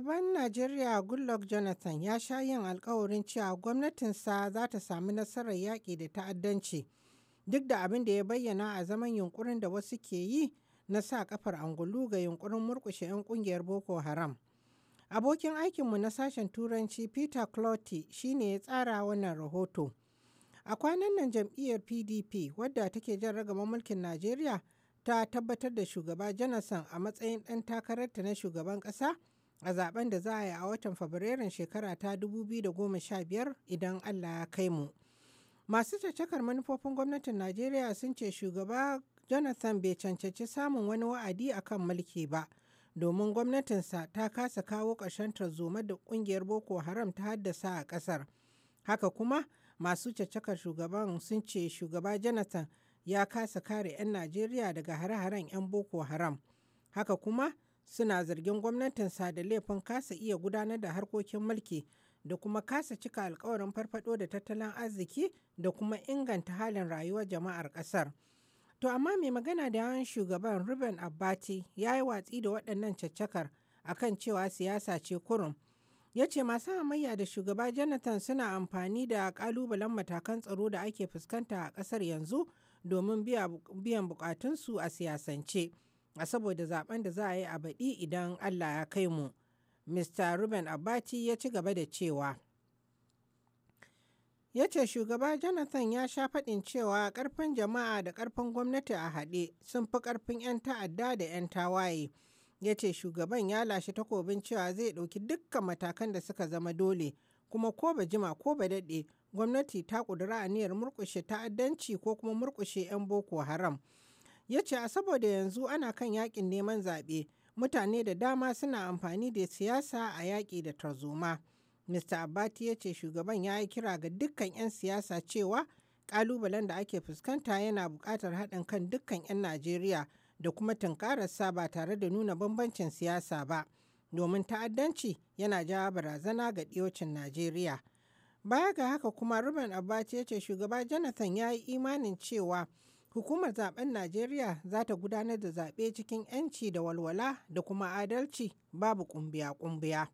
Shugaban Najeriya Goodluck Jonathan ya sha yin alkawarin cewa gwamnatinsa za ta sami nasarar yaƙi da ta'addanci, duk da abin da ya bayyana a zaman yunkurin da wasu ke yi na sa kafar angulu ga yunkurin murƙushe 'yan ƙungiyar Boko Haram. Abokin aikinmu na sashen Turanci Peter Clotty shine ya tsara wannan rahoto. A kwanan nan jam'iyyar PDP wadda take jan ragama mulkin Najeriya ta tabbatar da shugaba Jonathan a matsayin ɗan takararta na shugaban ƙasa a zaben da za a yi a watan Fabrairun shekara ta 2015 idan Allah ya kai mu. Masu cacakar manufofin gwamnatin Najeriya sun ce shugaba Jonathan bai cancanci samun wani wa'adi a kan mulki ba, domin gwamnatinsa ta kasa kawo ƙarshen tarzoma da ƙungiyar Boko Haram ta haddasa a ƙasar. Haka kuma masu caccakar shugaban sun ce shugaba Jonathan ya kasa kare 'yan Najeriya daga hare-haren 'yan Boko Haram. Haka kuma suna zargin gwamnatinsa da laifin kasa iya gudanar da harkokin mulki da kuma kasa cika alkawarin farfado da tattalin arziki da kuma inganta halin rayuwar jama'ar kasar. To amma mai magana da yawan shugaban Ruben Abbati ya yi watsi da waɗannan caccakar kan cewa siyasa ce kurum. Ya ce masu hamayya da shugaba Jonathan suna amfani da ƙalubalen matakan tsaro da ake fuskanta a ƙasar yanzu domin biyan bukatunsu a siyasance. a saboda zaben da za a yi a baɗi idan Allah ya kai mu. Mr. Ruben Abati ya ci gaba da cewa. Ya ce shugaba Jonathan ya sha faɗin cewa ƙarfin jama'a da ƙarfin gwamnati a haɗe sun fi ƙarfin 'yan ta'adda da 'yan tawaye. Ya ce shugaban ya lashe takobin cewa zai ɗauki dukkan matakan da suka zama dole, kuma ko ba jima ko ba daɗe gwamnati ta ƙudura aniyar murƙushe ta'addanci ko kuma murƙushe 'yan Boko Haram. ya ce a saboda yanzu ana kan yakin neman zaɓe mutane da dama suna amfani da siyasa a yaƙi da tarzoma mr abbati ya ce shugaban ya yi kira ga dukkan 'yan siyasa cewa ƙalubalen da ake fuskanta yana buƙatar haɗin kan dukkan 'yan najeriya da kuma tunkararsa ba tare da nuna bambancin siyasa ba domin ta'addanci yana jawo barazana ga ɗiyocin najeriya baya ga haka kuma ruben abbati ya ce shugaba jonathan ya yi imanin cewa Hukumar zaben Najeriya za ta gudanar da zaɓe cikin ‘yanci da walwala da kuma adalci babu ƙumbiya-ƙumbiya.